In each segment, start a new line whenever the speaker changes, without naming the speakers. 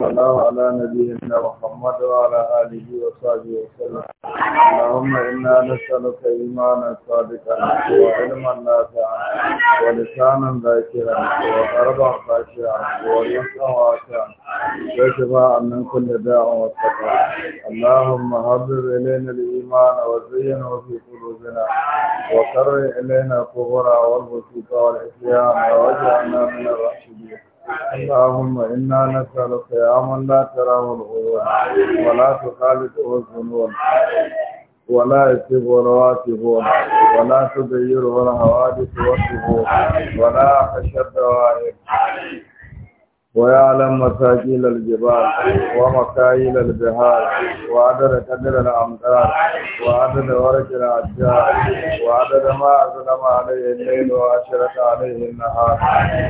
صلى على نبينا محمد وعلى آله وصحبه وسلم اللهم إنا نسألك إيمانا صادقا وعلما نافعا ولسانا ذاكرا وقربا خاشعا ورزقا واسعا وشفاء من كل داء وسقاء اللهم حبب إلينا
الإيمان وزينه في قلوبنا وكره إلينا الكفر والفسوق والعصيان واجعلنا من
الراشدين اللهم
إنا نسألك يا من لا تراه الغيوب ولا تخالطه الظنون ولا يكتب رواتبه ولا تغيره الحوادث والصفوف
ولا
خشى الدوائر
ويعلم مساكيل الجبال ومكايل البحار وعدد قدر الأمطار
وعدد ورق الأشجار وعدد ما أظلم عليه الليل وأشرت عليه النهار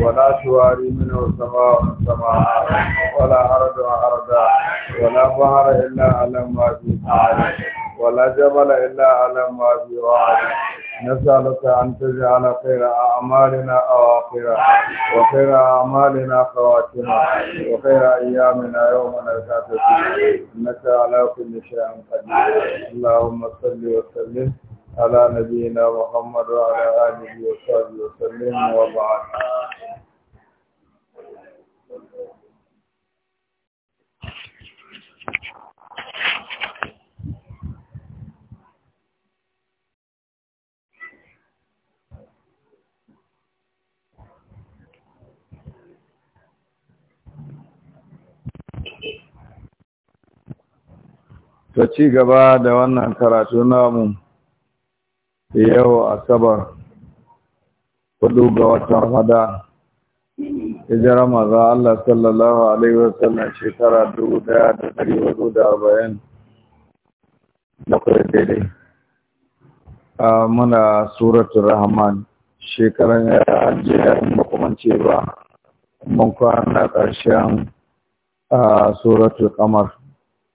ولا شواري منه سماء سماء ولا أرض أرضا ولا بحر إلا على ما فيه ولا جبل إلا على ما فيه نسألك أن تجعل خير أعمالنا أواخرها وخير أعمالنا خواتمها وخير أيامنا يوم نلقاك فيه إنك على كل شيء قدير اللهم صل وسلم على نبينا محمد وعلى آله وصحبه وسلم وبعد ta ci gaba da wannan karatu namu yau asabar hudu ga watan hada hijira maza Allah sallallahu alaihi wasallam shekara dubu daya da dari hudu da arba'in da kuma daidai muna suratun rahman shekaran ya ajiya in makamance ba mun kwana ƙarshen suratun kamar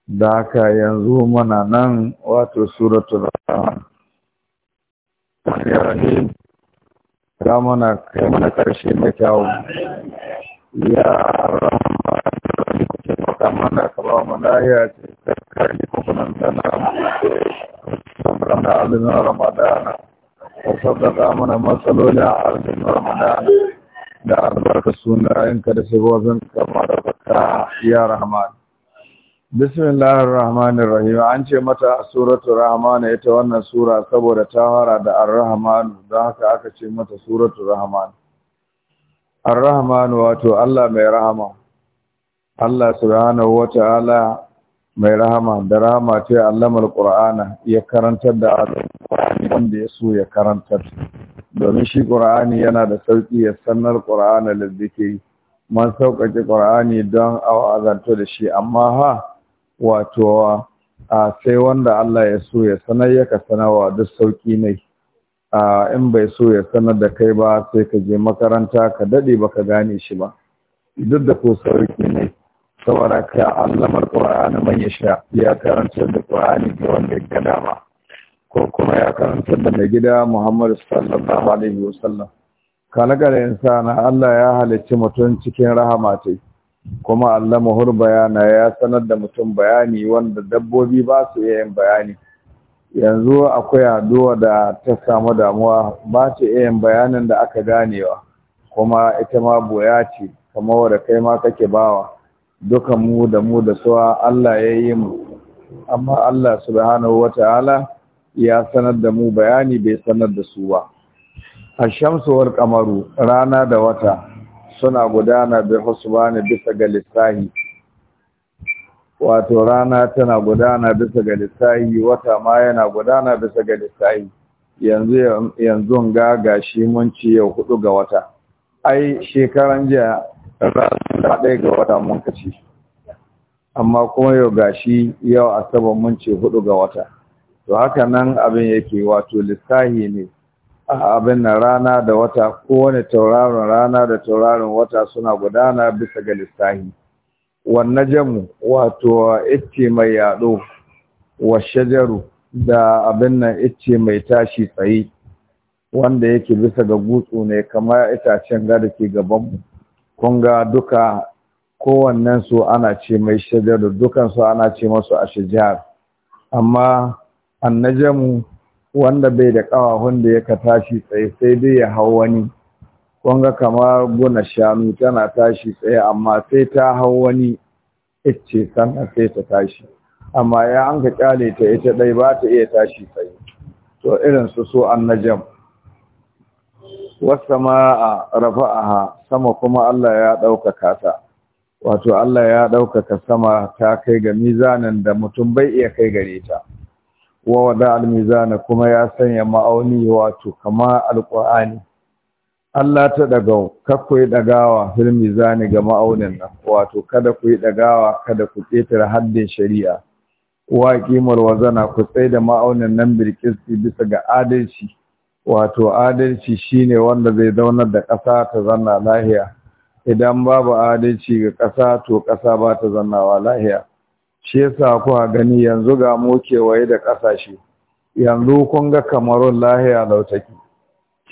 da haka yanzu muna nan wato suratul rahman ka mana kai mana karshe mai kyawu ya ka mana ka ba mu lahiya ce ka karbi kukunan dana da azumin ramadana ka saddaka mana matsaloli a azumin ramadana da albarka sunayenka da zan kama da baka ya rahman bismillahir rahmanir rahim an ce mata suratul rahman ita wannan sura saboda ta fara da ar-rahman don haka aka ce mata suratul rahman ar-rahman wato Allah mai rahama Allah subhanahu wataala mai rahama da rahama ce allamar qur'ana ya karantar da alqur'ani wanda ya so ya karantar domin shi qur'ani yana da sauki ya sanar qur'ana da man sauƙaƙe qur'ani don a wa'azanto da shi amma ha wato a sai wanda Allah ya so ya sanar ya ka sanarwa duk sauki ne a in bai so ya sanar da kai ba sai ka je makaranta ka dade baka gane shi ba duk da ko sauki ne saboda ka allama qur'ani man ya sha ya karanta da qur'ani ga wanda ya dama ko kuma ya karanta da mai gida Muhammad sallallahu alaihi wasallam kana ga insana Allah ya halicci mutum cikin rahama tai kuma Allah muhur bayana ya sanar da mutum bayani wanda dabbobi ba su iya yin bayani yanzu akwai haduwa da ta samu damuwa ba ta iya yin bayanin da aka ganewa kuma ita ma boya ce kamar wadda kai ma kake bawa dukan mu da mu da suwa Allah ya yi mu amma Allah subhanahu wata'ala ya sanar da mu bayani bai sanar da su ba a shamsuwar kamaru rana da wata suna gudana bi husbani bisa ga lissahi wato rana tana gudana bisa ga lissahi wata ma yana gudana bisa ga lissahi yanzu yanzu ga gashi mun ci yau hudu ga wata ai shekaran jiya rana ɗaya ga wata mun kaci amma kuma yau gashi yau asabar mun ce hudu ga wata to haka nan abin yake wato lissahi ne abin nan rana da wata kowane tauraron rana da tauraron wata suna gudana bisa ga lissahi wannan jamu wato icce mai yaɗo wa shajaru da abin nan icce mai tashi tsaye wanda yake bisa ga gutsu ne kamar itacen gada ke gabanmu kun ga duka kowannen su ana ce mai shajaru dukansu ana ce masu a shajar amma annajamu wanda bai da ƙawahun da yaka tashi tsaye sai dai ya hau wani kunga kamar guna shanu tana tashi tsaye amma sai ta hau wani icce sannan sai ta tashi amma ya an ka kyale ta ita dai ba ta iya tashi tsaye to irin su so an annajam wasama'a rafa'aha sama kuma Allah ya ɗaukaka ta wato Allah ya ɗaukaka sama ta kai ga mizanin da mutum bai iya kai gare ta wa wada almizana kuma ya sanya ma'auni wato kama alqur'ani Allah ta daga kakku yi dagawa fil mizani ga ma'aunin nan wato kada ku yi dagawa kada ku ketare haddin shari'a wa ƙimar wazana ku tsaye da ma'aunin nan birkisti bisa ga adalci wato adalci shine wanda zai zaunar da ƙasa ta zanna lahiya idan babu adalci ga ƙasa to ƙasa ba ta zannawa lahiya shi yasa kuwa gani yanzu ga mu kewaye da ƙasashe yanzu kun ga kamarun lahiya lautaki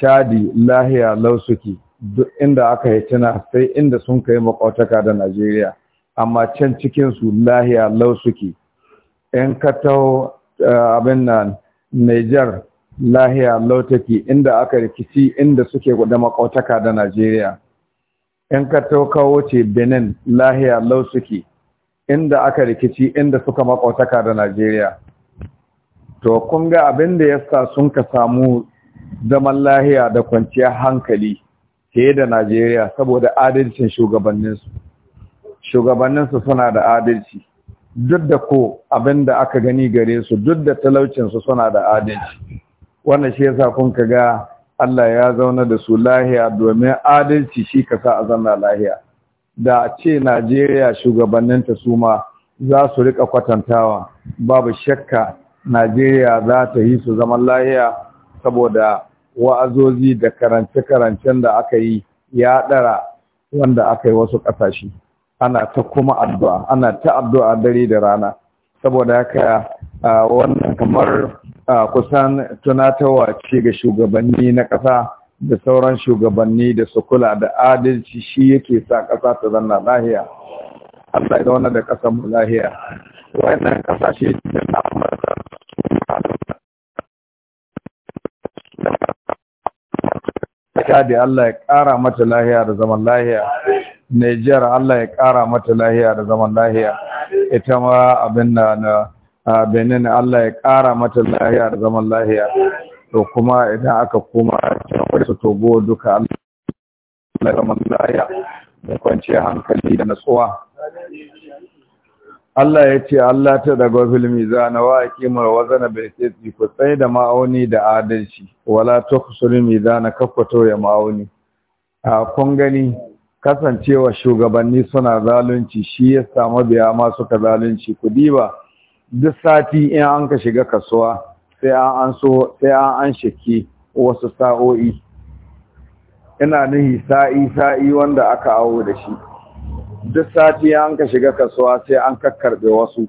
chadi lahiya lausuki duk inda aka yi tuna sai inda sun kai makwataka da najeriya amma can cikinsu lahiya lausuki in ka taho eh, abin nan niger lahiya lautaki inda aka rikici inda suke da makwataka da najeriya in ka taho kawo ce benin lahiya lausuki inda aka rikici inda suka makwataka da Najeriya to kun ga abin da ya sa sun ka samu zaman lahiya da kwanciyar hankali fiye da Najeriya saboda adalcin shugabanninsu shugabanninsu suna da adalci duk da ko abin da aka gani gare su duk da talaucinsu suna da adalci wannan shi yasa kun ka ga Allah ya zauna da su lahiya domin adalci shi ka sa a zanna lahiya da a ce Najeriya shugabanninta su ma za su rika kwatantawa babu shakka Najeriya za ta yi su zaman lahiya saboda wa'azozi da karance-karancen da aka yi ya ɗara wanda aka yi wasu ƙasashe ana ta kuma addu'a ana ta addu'a dare da rana saboda haka wannan kamar kusan tunatarwa ce ga shugabanni na ƙasa da sauran shugabanni da su kula da adalci shi yake sa ƙasa ta zanna lahiya Allah ya zauna da ƙasa mu lahiya wannan ƙasashe da na Ka da Allah ya ƙara mata lahiya da zaman lahiya Nijar Allah ya ƙara mata lahiya da zaman lahiya ita ma abin na Benin Allah ya ƙara mata lahiya da zaman lahiya to kuma idan aka koma cikin su togo duka Allah ya da kwanciyar hankali da natsuwa Allah ya ce Allah ta daga za na wa kimar waza na qisti ku tsai da ma'auni da adalci wala za na kakwato ya ma'auni a kun gani kasancewa shugabanni suna zalunci shi ya samu biya ma suka zalunci ku diba duk sati in an ka shiga kasuwa sai an so sai an shaki wasu sa'o'i ina nihi sa'i sa'i wanda aka awo da shi duk sati an ka shiga kasuwa sai an kakkarbe wasu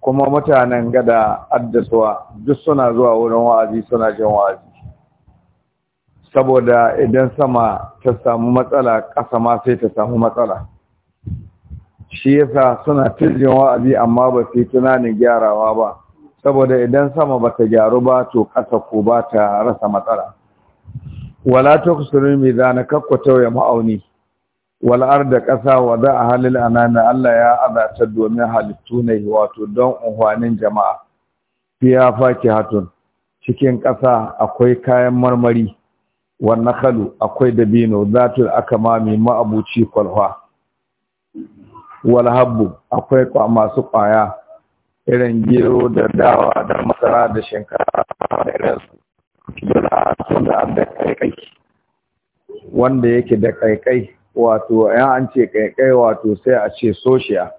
kuma mutanen gada addasuwa duk suna zuwa wurin wa'azi suna jin wa'azi saboda idan sama ta samu matsala ƙasa ma sai ta samu matsala shi yasa suna tirjin wa'azi amma ba su yi tunanin gyarawa ba saboda idan sama bata gyaru ba to ƙasa ko ba ta rasa matsala wala tuksirin mizana kakko tauye ma'auni wal arda ƙasa wa da a halil anana Allah ya azata domin halittu ne wato don unhwanin jama'a fiya faki hatun cikin ƙasa akwai kayan marmari wa nakalu akwai dabino zatul akamami ma'abuci kwalwa wal habbu akwai masu kwaya. irin gero da dawa da masara da shinkafa da irinsu dole da da kaikai wanda yake da kaikai wato ya an ce kaikai wato sai a ce soshiya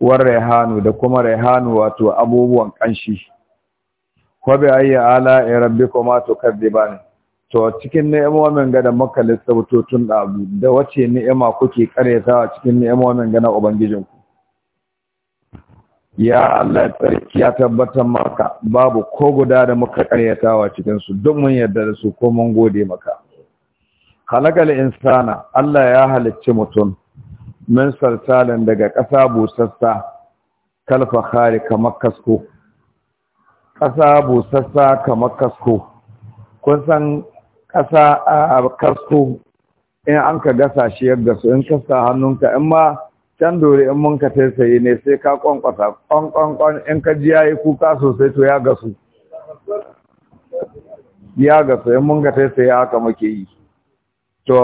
war rehanu da kuma rehanu wato abubuwan kanshi ko bi ayya ala ya rabbi kuma to ne to cikin ni'imomin ga da maka tun da wace ni'ima kuke ta cikin ni'imomin ga na ubangijinku ya Allah tsarki ya tabbatar maka babu ko guda da muka karyatawa cikin su duk mun yarda da su ko mun gode maka khalaqal insana Allah ya halicci mutum min salsalin daga ƙasa busassa kalfa khari kamar kasko ƙasa busassa kamar kasko kun san ƙasa a kasko in an ka gasa shi yadda su, in kasa hannunka in ma can dore in mun ka tsaye ne sai ka kwankwasa kwankwankwan in ka ji yayi kuka sosai to ya gasu ya gasu in mun ka tsaye haka muke yi to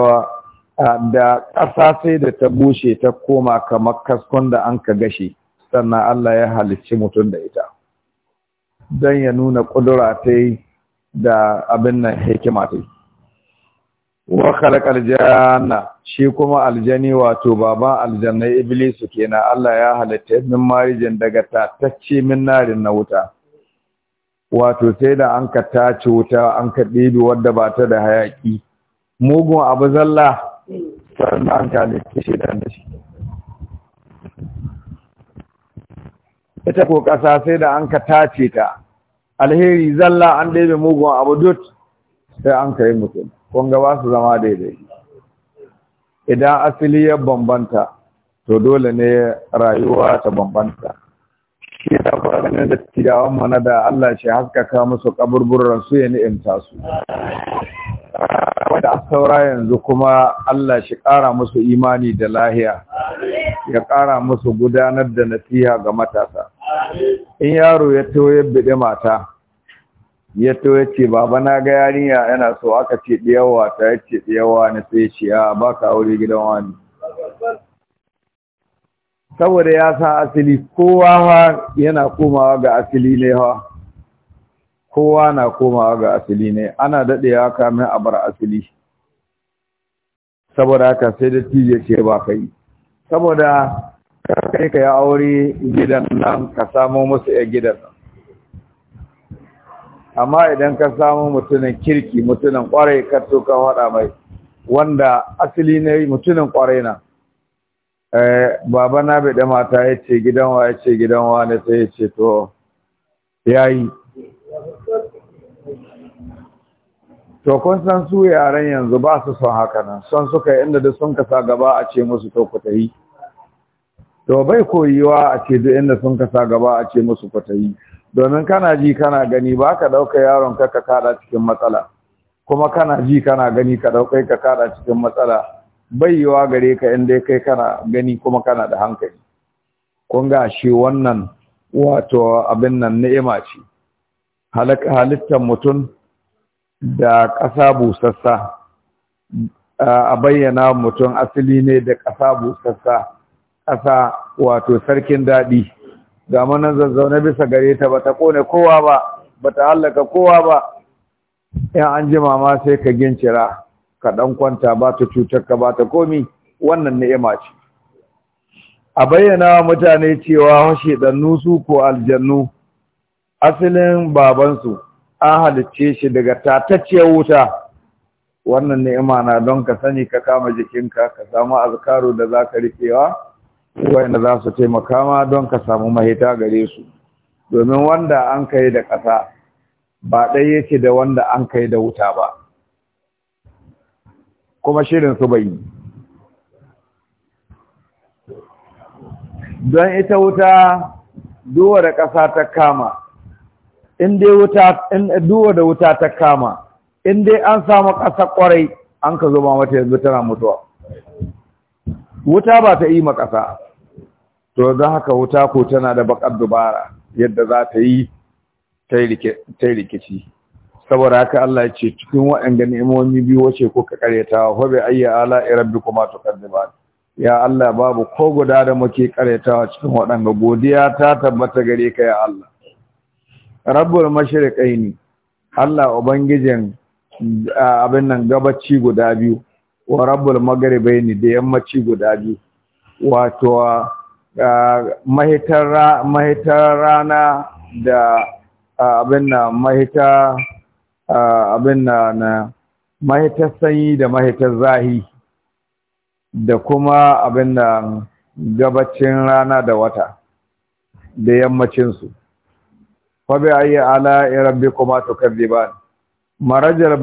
da ƙasa sai da ta bushe ta koma kamar kaskon da an ka gashe sannan Allah ya halicci mutum da ita don ya nuna ƙudura ta da abin nan hikima ta wa khalaqal shi kuma aljani wato baban aljannai iblisu kenan Allah ya halatta min marijin daga tatacce min narin na wuta wato sai da an ka tace wuta an ka ɗebe wadda ba ta da hayaki mugun abu zalla sannan ka halitta shi da shi ita ko ƙasa sai da an ka tace ta alheri zalla an ɗebe mugun abu dut sai an ka yi mutum kun ga su zama daidai idan asali ya bambanta to dole ne rayuwa ta bambanta shi da faɗin da tijawan mana da Allah shi haskaka musu kaburburan su ya ni'imta su wanda saura yanzu kuma Allah shi ƙara musu imani da lahiya ya ƙara musu gudanar da nasiha ga matasa in yaro ya taho ya mata ya to ya ce baba na ga yarinya yana so aka ce ɗiyawa ta ya ce ɗiyawa na sai ce a ba aure gidan wani saboda ya san asali kowa yana komawa ga asali ne ha kowa na komawa ga asali ne ana daɗe ya kamin a bar asali saboda haka sai da tije ce ba ka saboda kai ka yi aure gidan nan ka samo musu ya gidan nan amma idan ka samu mutunan kirki mutunan kwarai ka to ka hada mai wanda asali ne mutunan kwarai na eh baba na bai da mata yace gidan wa yace gidan wa ne sai yace to yayi to kun san su yaran yanzu ba su son haka nan son suka inda da sun kasa gaba a ce musu to ku yi. to bai koyiwa a ce duk inda sun kasa gaba a ce musu ku yi. domin kana ji kana gani ba ka ɗauka yaron ka ka kada cikin matsala kuma kana ji kana gani ka ɗaukai ka kada cikin matsala bai yiwa gare ka inda kai kana gani kuma kana da hankali kun ga shi wannan wato abin nan ni'ima ce halittar mutum da ƙasa busassa a bayyana mutum asali ne da ƙasa busassa ƙasa wato sarkin daɗi ga manan zazzaune bisa gare ta bata kone kowa ba ba ta hallaka kowa ba Yan an jima ma sai ka gincira ka dan kwanta ba ta cutar ka ba ta komi wannan ni'ima ce a bayyana wa mutane cewa ɗannu su ko aljannu asalin babansu an halicce shi daga tatacciyar wuta wannan ni'ima na don ka sani ka kama jikinka ka samu azkaru da za ka rikewa wanda za su taimaka ma don ka samu mahita gare su domin wanda an kai da ƙasa ba ɗaya yake da wanda an kai da wuta ba kuma shirin su bai yi don ita wuta duwa da ƙasa ta kama in dai wuta duwa da wuta ta kama inda an samu ƙasa ƙwarai an ka zo ma mata yanzu tana mutuwa wuta ba ta yi ma ƙasa to don haka wuta ko tana da bakar dubara yadda za ta yi ta yi rikici saboda haka Allah ya ce cikin waɗanda ni'imomi biyu wace kuka karyatawa fa bi ayyi ala'i rabbikuma tukazziban ya Allah babu ko guda da muke karyatawa cikin waɗanda godiya ta tabbata gare ka ya Allah rabbul mashriqaini Allah ubangijin abin nan gabaci guda biyu wa rabbul ne da yammaci guda biyu wato mahitar rana da abin na mahita abin na na mahitar sanyi da mahitar zahi da kuma abin na gabacin rana da wata da yammacinsu fabi ayi ala irabbi kuma to ne. marajar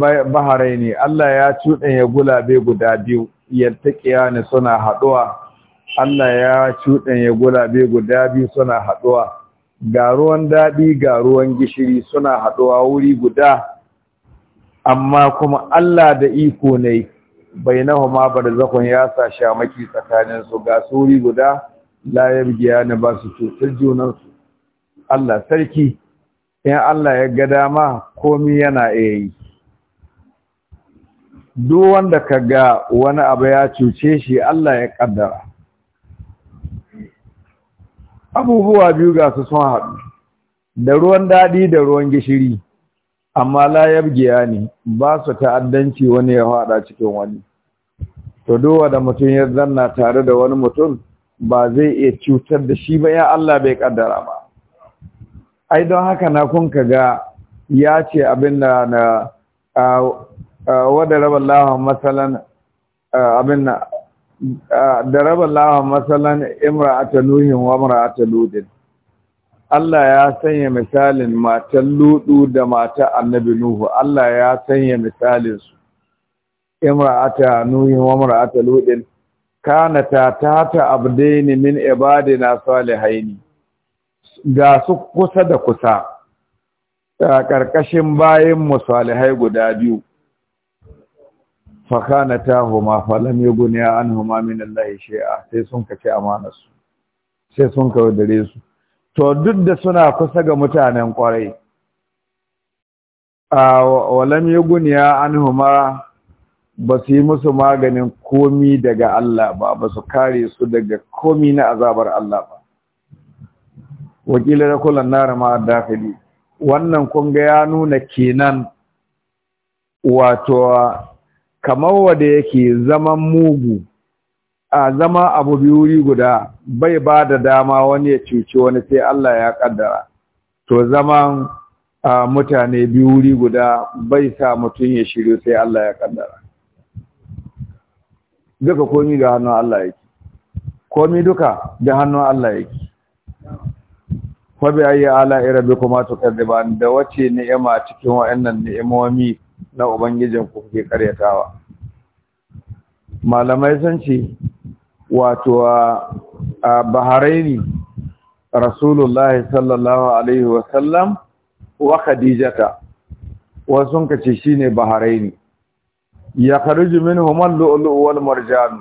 ne. Allah ya gula gulabe guda biyu yadda suna haɗuwa Allah ya cuɗanya gulabe guda biyu suna haɗuwa ga daɗi ga ruwan gishiri suna haɗuwa wuri guda amma kuma Allah da iko ne bai nahu ma zakon ya sa shamaki tsakaninsu ga su wuri guda layar giya na ba su cutar junansu Allah sarki in Allah ya ga dama komi yana iya yi duk wanda ka ga wani abu ya cuce shi Allah ya ƙaddara abubuwa biyu ga su sun haɗu da ruwan daɗi da ruwan gishiri amma la yabgiya ne ba su ta'addanci wani ya haɗa cikin wani to dowa da mutum ya zanna tare da wani mutum ba zai iya cutar da shi ba ya Allah bai kaddara ba ai don haka na kun ga ya ce abin da na wadda raba lahon matsalan abin da raba lawa matsalan imra'ata nuhin wa imra'ata ludin Allah ya sanya misalin matan ludu da mata annabi nuhu Allah ya sanya misalin su Imra imra'ata nuhin wa ta ludin ta tata abdaini min ibadina salihaini ga su kusa da kusa A ƙarƙashin bayan musalihai guda biyu ta huma falam an huma min Allah shi'a sai sun kace amanar su sai sun ka dare su to duk da suna kusa ga mutanen kwarai a walam an huma ba su yi musu maganin komi daga Allah ba ba su kare su daga komi na azabar Allah ba wakilar na rama a dakili wannan kunga ya nuna kenan wato kamar wadda yake zaman mugu a zama abu biyu guda bai ba da dama wani ya cuci wani sai Allah ya kaddara to zaman mutane biyu guda bai sa mutum ya shiru sai Allah ya kaddara duka komi da hannun Allah yake komi duka da hannun Allah yake fa bi ayi ala irabi kuma to kaddiban da wace ni'ima cikin wa'annan ni'imomi na ubangijin ku kuke karyatawa malamai san ce wato a baharaini rasulullahi sallallahu alaihi wasallam wa khadijata wasu ka ce shine baharaini ya kharuju min al-lu'lu'u wal marjan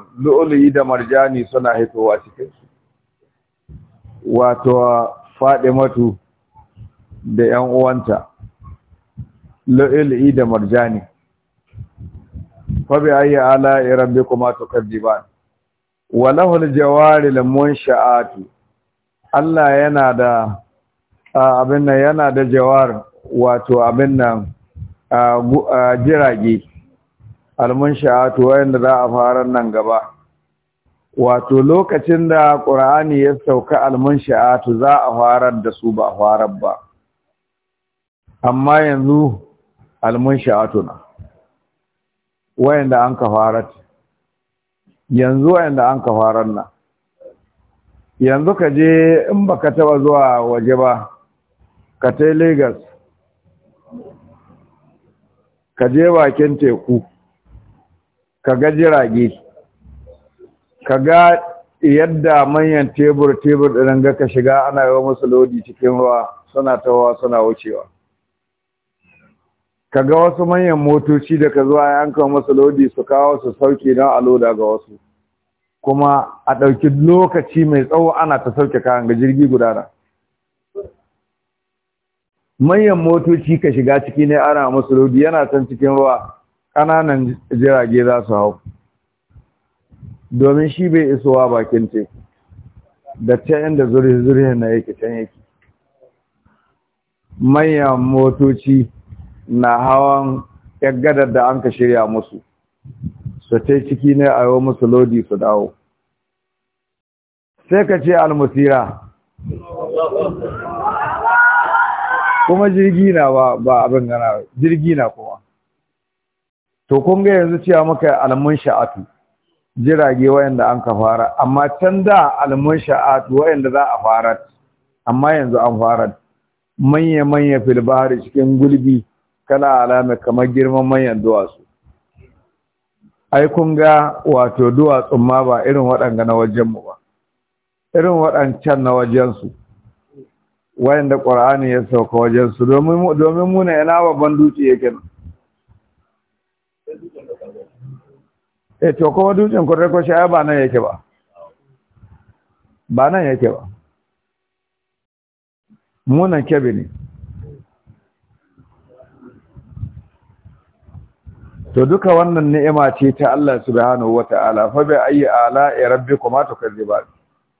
da marjani suna hitowa cikin su faɗi matu da yan uwanta lu'lu'i da marjani fabi ayi ala rabbikuma tukadziban wa lahu al Allah yana da abin nan yana da jawar wato abin nan jirage almunsha'atu wanda za a fara nan gaba wato lokacin da ƙur'ani ya sauka almunsha'atu za a fara da su ba farar ba amma yanzu almunshi'atuna wayanda an farat yanzu wayanda an ka nan na yanzu ka je in baka taba zuwa waje ba ka tai Lagos ka je bakin teku ka ga jirage ka ga yadda manyan tebur-tebur ɗin ga ka shiga ana yi wa musu lodi cikin ruwa suna tawa suna wucewa Ka ga wasu manyan motoci da ka zuwa an kawo masa lodi su kawo su sauke don a loda ga wasu kuma a ɗauki lokaci mai tsawo ana ta sauke kayan ga jirgi gudana manyan motoci ka shiga ciki ne ana masu lodi yana can cikin ruwa ƙananan jirage za su hau domin shi bai isowa bakin ce, da can inda zurhe na yake can yake manyan motoci na hawan gadar da an ka shirya musu su ce ciki ne a yi musu lodi su dawo sai ka ce almusira kuma jirgi na ba abin gana jirgi na kuma to kun ga yanzu cewa maka almun sha'atu jirage wayanda an ka fara amma can da almun sha'atu wayanda za a fara amma yanzu an fara manya manya filbari cikin gulbi kana alama kamar girman manyan duwatsu ai kun ga wato duwatsun ma ba irin waɗanga na wajenmu ba irin waɗancan na wajensu wayanda ƙwar'ani ya sauka wajensu domin muna yana babban dutse yake nan e to kuma dutsen kwarai kwashe ai ba nan yake ba ba nan yake ba munan kebe ne to duka wannan ni'ima ce ta Allah subhanahu wata'ala fa bi ayi ala'i rabbikuma tukazziban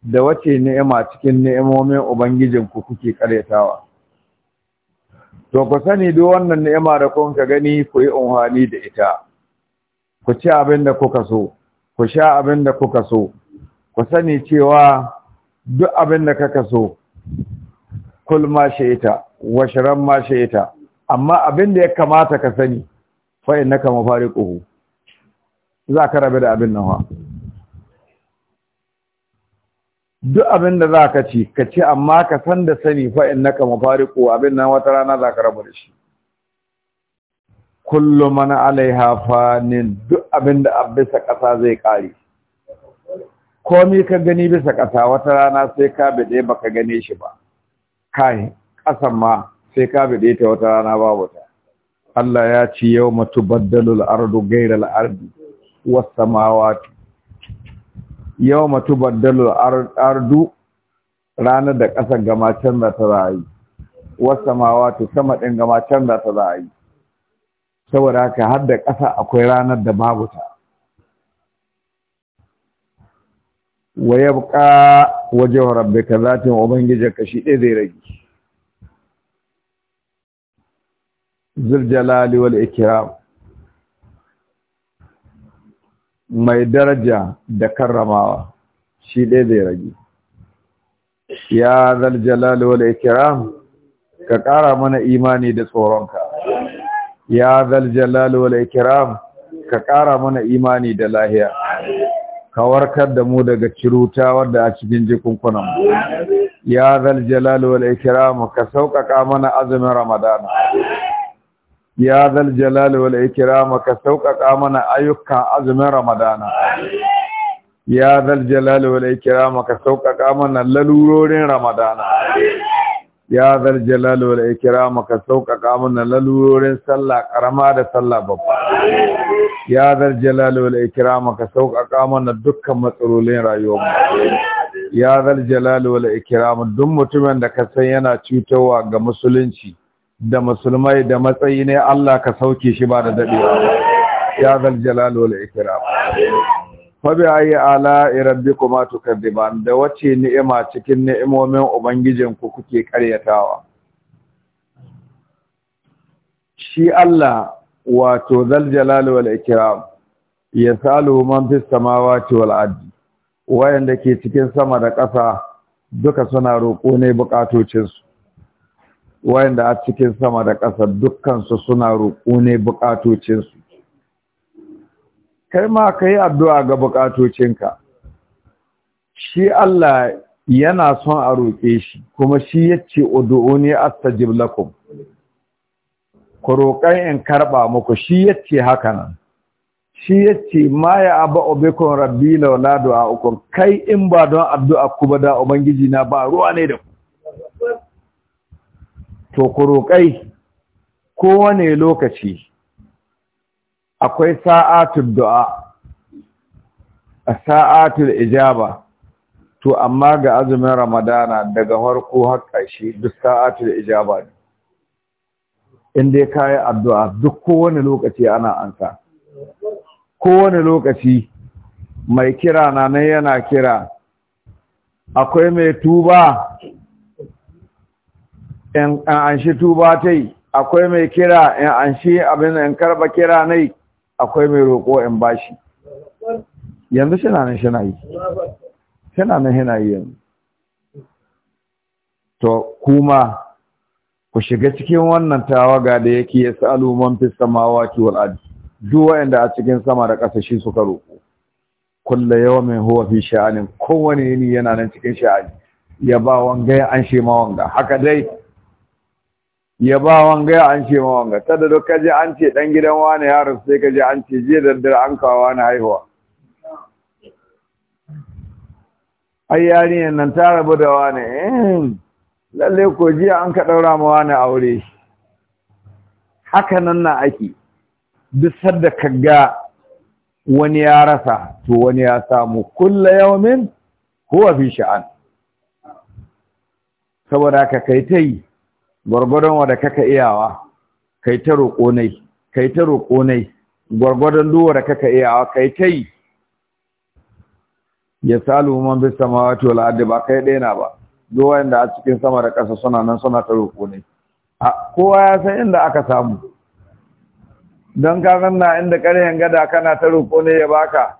da wace ni'ima cikin ni'imomin ubangijin ku kuke karyatawa to ku sani duk wannan ni'ima da kun ka gani ku yi unhani da ita ku ci abin da kuka so ku sha abin da kuka so ku sani cewa duk abin da kaka so kul ma shaita washran ma shaita amma abin da ya kamata ka sani fa innaka mufariquhu za ka rabe da abin nan wa duk abin da za ka ci ka ci amma ka san da sani fa innaka mufariqu abin nan wata rana za ka rabu da shi kullu man alaiha fanin duk abin da bisa kasa zai kare komai ka gani bisa kasa wata rana sai ka bide baka gane shi ba kai kasan ma sai ka bide ta wata rana babu ta Allah ya ce yau matu baddalul ardu gairar ardu wasu mawatu yau matu baddalul ardu ranar da ƙasar gamacin da ta rayu wasu sama ɗin gamacin da ta rayu saboda haka har da ƙasa akwai ranar da babu ta wa yabqa wajhu rabbika zatin ubangijinka shi ɗaya zai rage Jalali wal ikram mai daraja da karramawa shi ɗaya zai rage ya Jalali wal ikram ka ƙara mana imani da tsoronka ya Jalali wal ikram ka ƙara mana imani da lahiya ka warkar da mu daga ciruta wadda a cikin jikunkunan ya zal jalal wal ikram ka sauƙaƙa mana azumin ramadana ya zal jalali wal ikram ka sauƙaƙa mana ayyukan azumin ramadana ya zal jalali wal ikram ka sauƙaƙa mana lalurorin ramadana ya zal jalali wal ikram ka sauƙaƙa mana lalurorin sallah ƙarama da sallah babba ya zal jalali wal ikram ka sauƙaƙa mana dukkan matsalolin rayuwa. ya zal jalali wal ikram duk mutumin da ka san yana cutarwa ga musulunci da musulmai da matsayi ne Allah ka sauke shi ba da dadewa ya zal jalal wal ikram fa bi ayi ala rabbikum tukadiban da wace ni'ima cikin ni'imomin ubangijin ku kuke karyatawa shi Allah wato zal jalal wal ikram yasalu man fis samawati wal ardi wayanda ke cikin sama da ƙasa duka suna roƙo ne su wayanda a cikin sama da ƙasa dukkansu suna roƙo ne buƙatocinsu kai ma ka yi addu'a ga ka. shi Allah yana son a roƙe shi kuma shi ya ce astajib lakum ku roƙan in karɓa muku shi ya ce haka nan shi yace ma ya aba obikun rabbi laula du'a ukun kai in ba don addu'a ku ba da ubangiji na ba ruwa ne da ku to ku roƙai kowane lokaci akwai sa'atul du'a a sa'atul ijaba to amma ga azumin ramadana daga harko har ƙarshe duk sa'atul ijaba ne in dai kayi addu'a duk kowane lokaci ana ansa kowane lokaci mai kira na nan yana kira akwai mai tuba in an shi tuba ta yi akwai mai kira in an shi abin in karba kira yi akwai mai roƙo in bashi yanzu shi na nan shi na yi shi na nan shi na yi yanzu to kuma ku shiga cikin wannan tawaga da yake ya sa'alu man fi samawati wal ardi duwa inda a cikin sama da ƙasa shi suka roƙo yawa mai huwa fi sha'anin kowane yini yana nan cikin sha'ani ya ba wanga ya shi ma wanga haka dai ya ba wanga ya an ce ma wanga ta da duk kaje an ce dan gidan wani yaro sai kaje an ce je daddare an kawo wani haihuwa ai nan ta rabu da wani eh. lalle ko jiya an ka daura ma wani aure haka nan na ake duk sadda kaga wani ya rasa to wani ya samu kulla yawmin huwa fi sha'an saboda ka kai ta yi gwargwadon wanda kaka iyawa kai ta roƙo nai kai ta roƙo nai gwargwadon duwa da kaka iyawa kai ta yi ya salu man bi samawati wal ardi ba kai na ba duk wanda a cikin sama da ƙasa suna nan suna ta roƙo A kowa ya san inda aka samu don ka zanna inda ƙaryen gada kana ta roƙo ya baka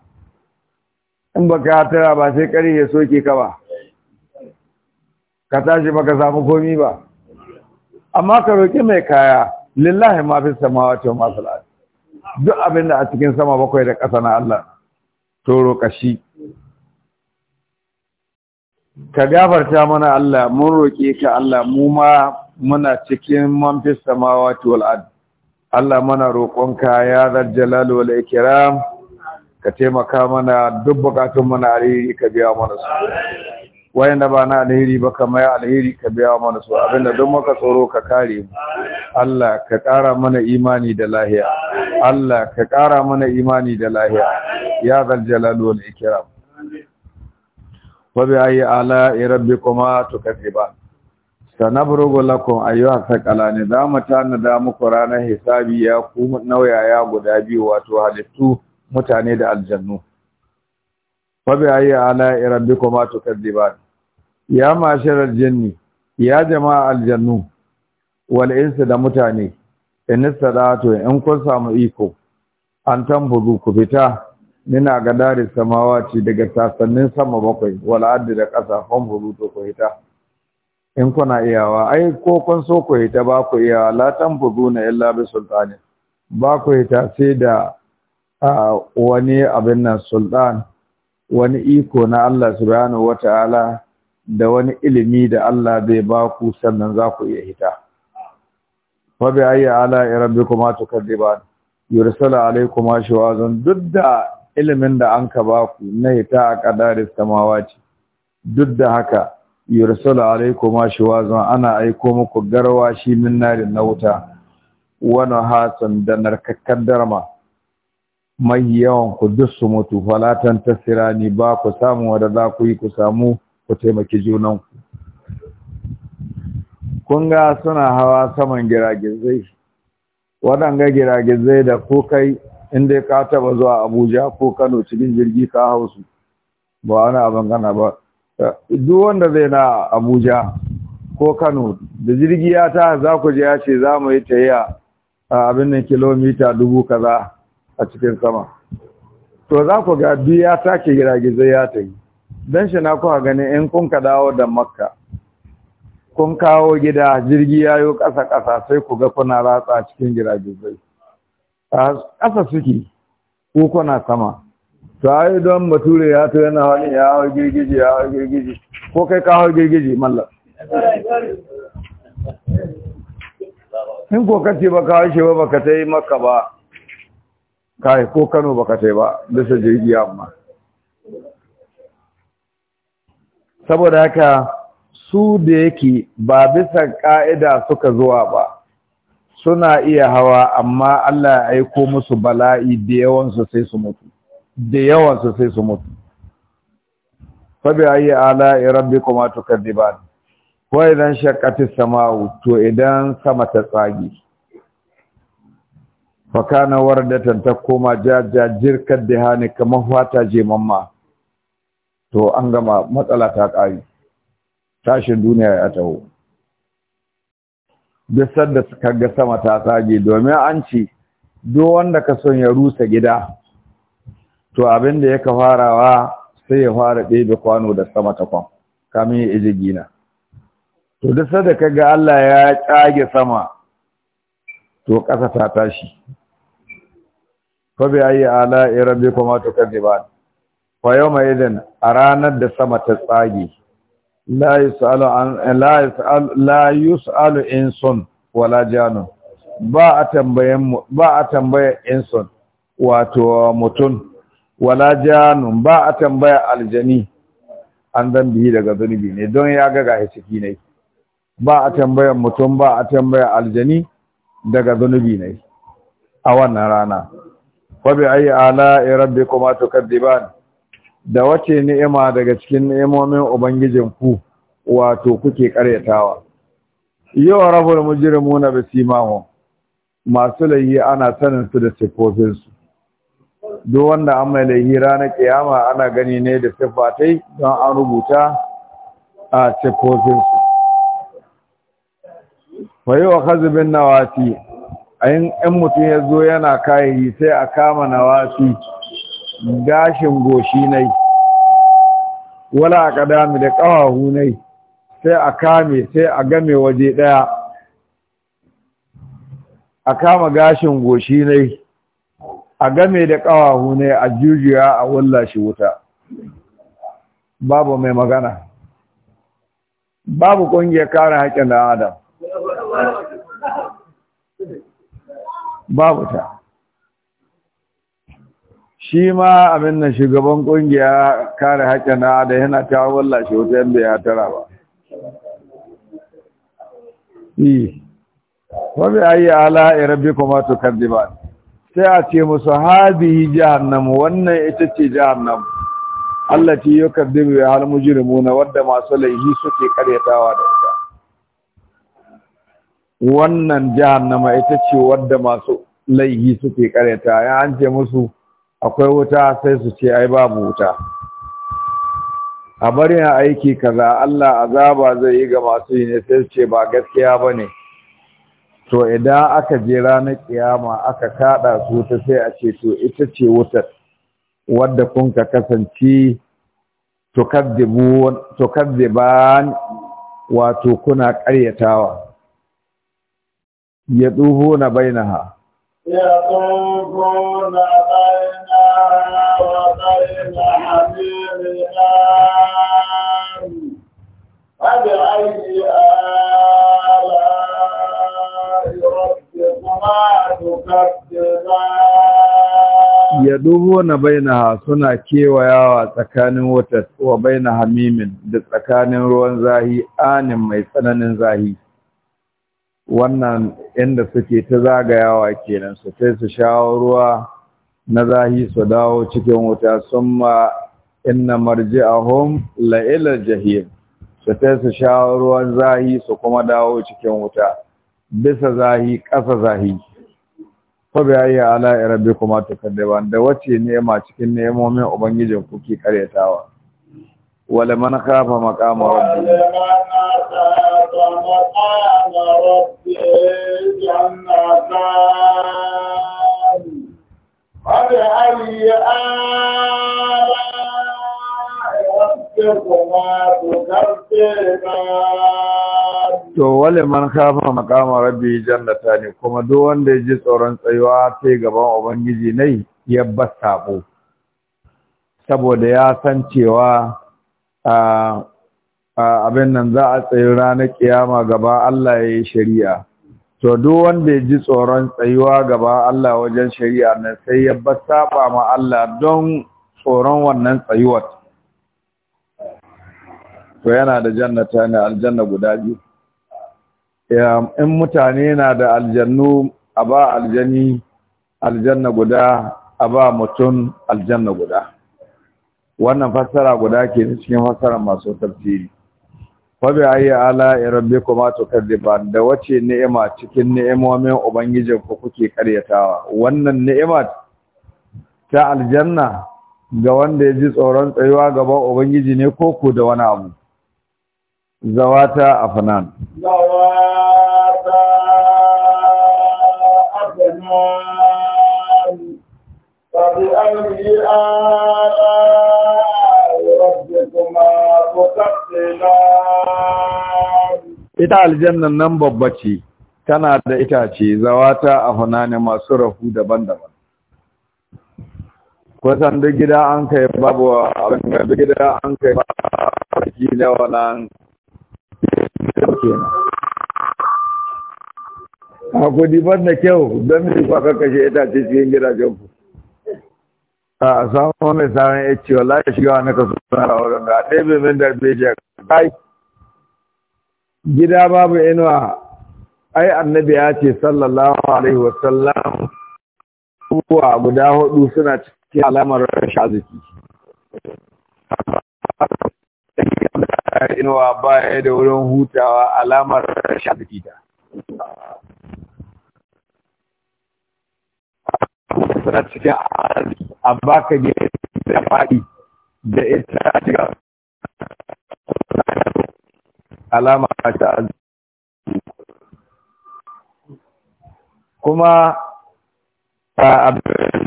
in baka hatara ba sai ƙari ya soke ka ba ka tashi baka samu komi ba amma ka roƙi mai kaya lillahi ma fi samawati wa masu duk abin da a cikin sama bakwai da ƙasa na Allah to roƙa shi ka gafarta mana Allah mun roƙe ka Allah mu ma muna cikin man fi samawati wal ard Allah mana rokon ya zar jalal wal ikram ka taimaka mana duk bukatun mana na alheri ka biya mana su da ba na alheri ba ka mai alheri ka biya wa mana su abinda don maka tsoro ka kare mu Allah ka ƙara mana imani da lahiya Allah ka ƙara mana imani da lahiya ya zal jalal wal ikram wa bi ayi ala rabbikuma tukathiban sanabrugu lakum ayyuha thaqalani za mu da muku ranar hisabi ya ku ya guda biyu wato halittu mutane da aljannu wa bi ayi ala rabbikuma tukathiban ya masharar jinni ya jama'a aljannu wal da mutane in istadatu in kun samu iko an tambuzu ku fita nina ga dari samawaci daga tasannin sama bakwai wal addi da ƙasa fambuzu to ku fita in na iyawa ai ko kun so ku hita ba ku iyawa la tambuzuna illa bi Sultani. ba ku hita sai da wani abin nan sultan wani iko na Allah subhanahu wata'ala da wani ilimi da Allah zai ba ku sannan za ku iya hita fa bi ayyi ala rabbikuma tukadiban yursalu shi shawazun duk da ilimin da an ka ba ku na hita a kadaris ce. duk da haka yursalu shi shawazun ana aiko muku shi min narin na wuta wani hasan da narkakkan darma mai yawan ku duk su mutu falatan tasirani ba ku samu wadda za ku yi ku samu ku taimaki junanku kun ga suna hawa saman giragizai waɗanga giragizai da ko kai inda ka taɓa zuwa abuja ko kano cikin jirgi ka hau su ba wani abin gana ba duk wanda zai na abuja ko kano da jirgi ya ta za ku je ya ce za mu yi yi a abin nan kilomita dubu kaza a cikin sama to za ku ga duk ya take giragizai ya ta yi Dan shi na kuwa gani in kun ka dawo da makka kun kawo gida jirgi yayo ƙasa-ƙasa sai ku ga kuna ratsa cikin girajizai ƙasa suke ko kuna sama to ayi don bature ya to yana wani ya hau girgiji ya hau girgiji ko kai ka hau girgiji mallam in ko ce ba ka shi ba baka ta yi makka ba kai ko kano baka ta yi ba bisa jirgi amma saboda haka su da yake ba bisa ka'ida suka zuwa ba suna iya hawa amma Allah ya aiko musu bala'i da yawansu sai su mutu da yawansu sai su mutu fabi ayi ala rabbikum atukadiban wa idan shaqqatis sama'u to idan sama ta tsagi fa kana wardatan ta koma dihani kamar fata je to an gama matsala ta ƙari tashin duniya ya taho duk sanda suka ga sama ta tsage domin an ce duk wanda ka son ya rusa gida to abin da yaka farawa sai ya fara ɗebe kwano da sama ta kwan kamin ya iji gina to duk sanda ka ga Allah ya tsage sama to ƙasa ta tashi fa bi ayi ala rabbikum ba tukadiban fa idan a ranar da sama ta tsage la yusalu an la insun wala janu. ba a tambayen ba a insun wato mutum wala janu. ba a tambayar aljani an biyi daga zunubi ne don ya ga gahe ciki ne ba a tambayar mutum ba a tambayar aljani daga zunubi ne a wannan rana wabi ayi ala rabbi kuma tukaddiban da wace ni'ima daga cikin ni'imomin ubangijin ku wato kuke karyatawa yau rabul mujrimuna bisimahu masu laihi ana sanin su da sifofin su duk wanda an mai laihi ranar kiyama ana gani ne da sifatai don an rubuta a sifofin su fa yi wa kazibin nawati a yin mutum ya zo yana kayayi sai a kama wasi. gashin goshi nai wala kadami da kawahu nai sai a kame sai a game waje daya a kama gashin goshi nai a game da kawahu nai a jujuya a wallashi wuta babu mai magana babu ƙungiyar kare haƙƙin da adam babu ta shi ma abin nan shugaban kungiya kare haƙƙin da yana ta walla shi wata yadda ya tara ba yi wabi ayi ala rabbi kuma to ba. sai a ce musu hadihi jahannam wannan ita ce jahannam allati yukaddibu ya hal na wadda masu laihi suke karyatawa da ita wannan jahannama ita ce wadda masu laihi suke karyata ya an ce musu akwai wuta sai su ce ai babu wuta a bari aiki kaza Allah azaba zai yi ga masu yi ne sai su ce ba gaskiya ba ne to idan aka je ranar kiyama aka kaɗa su ta sai a ce to ita ce wutar wadda kun ka kasance tukaddiban wato kuna ƙaryatawa ya tsuhu na bainaha
ya tsuhu na bainaha وبين na
آن فبأي suna kewayawa tsakanin wata wa baina hamimin da tsakanin ruwan zahi anin mai tsananin zahi wannan inda suke ta zagayawa kenan su sai su shawo ruwa na zahi su dawo cikin wuta sun ma inna hom la'ilar jahim su ta su sha ruwan zahi su kuma dawo cikin wuta bisa zahi ƙasa zahi ko bai yi ala rabbi kuma ba. da wace nema cikin nemomin ubangijin kuki karyatawa wale man kafa makama rabbi To wale man kafa makama rabbi jannata ne kuma duk wanda ya ji tsoron tsayuwa sai gaban Ubangiji ne ya basabo saboda ya san cewa abin nan za a tsayi ranar kiyama gaba Allah ya yi shari'a to duk wanda ya ji tsoron tsayuwa gaba Allah wajen shari'a nan sai ya basaba ma Allah don tsoron wannan tsayuwar to yana da jannata ne aljanna guda biyu in mutane na da aljannu a ba aljani aljanna guda a ba mutum aljanna guda wannan fassara guda ke cikin fassara masu tafsiri Fabi ayi ala rabbi kuma tukaddiban da wace ni'ima cikin ni'imomin ubangijin ku kuke karyatawa wannan ni'ima ta aljanna ga wanda ya ji tsoron tsayuwa gaban ubangiji ne ko ku da wani abu zawata afnan
zawata afnan fabi
ita aljannan nan babba ce tana da itace zawata a hunani masu rahu daban-daban Kwasan duk gida an kai babu a da duk gida an kai ba a ciki da wannan kenan a kudi ban da kyau don mai kwakakashe itace cikin gidajenku. a mai samun ya shiga wani gida babu inuwa ai annabi ya ce sallallahu alaihi wa sallam, kuwa guda hudu suna cikin alamar rashin arziki inuwa ba ya da wurin hutawa alamar rashin arziki ta suna cikin a baka ne da faɗi da ita shiga alama ta kuma a abin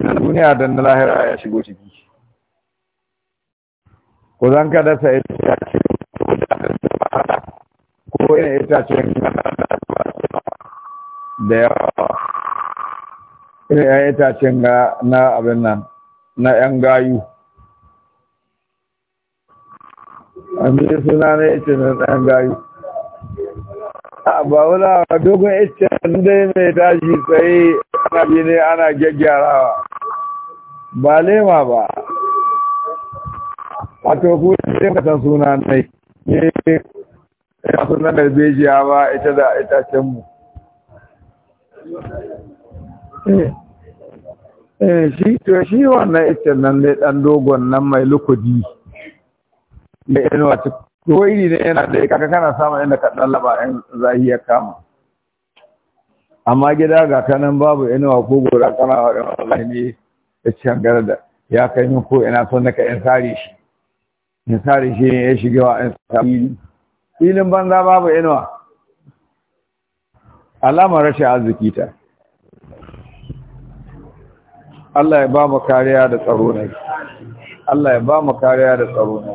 na duniya don na lahira ya shigo ciki ko zan kada sa ita ce ko da ko ina ita ce da yawa irin ‘yan itacen ga na abin nan na ‘yan gayu amma suna na ice na ɗan gayu ba wula dogon ice dai mai tashi sai. ana bi ne ana gyaggyarawa ba lema ba a toku ne matan suna na ne ya suna darbejiya ba ita da itacenmu
Eh, eh shi to shi
wannan iccen nan ne dan dogon nan mai lukudi da inuwa ta koyi ne yana da kaka kana samun inda ka dan laba in zahiya kama amma gida ga kanan babu inuwa ko gora kana wallahi ne da cikin da ya kai min ko ina son naka in sare shi in sare shi ne ya shiga wa in sare filin banza babu inuwa alamar rashin arziki ta Allah ya ba mu kariya da tsaro ne Allah ya ba mu kariya da tsaro ne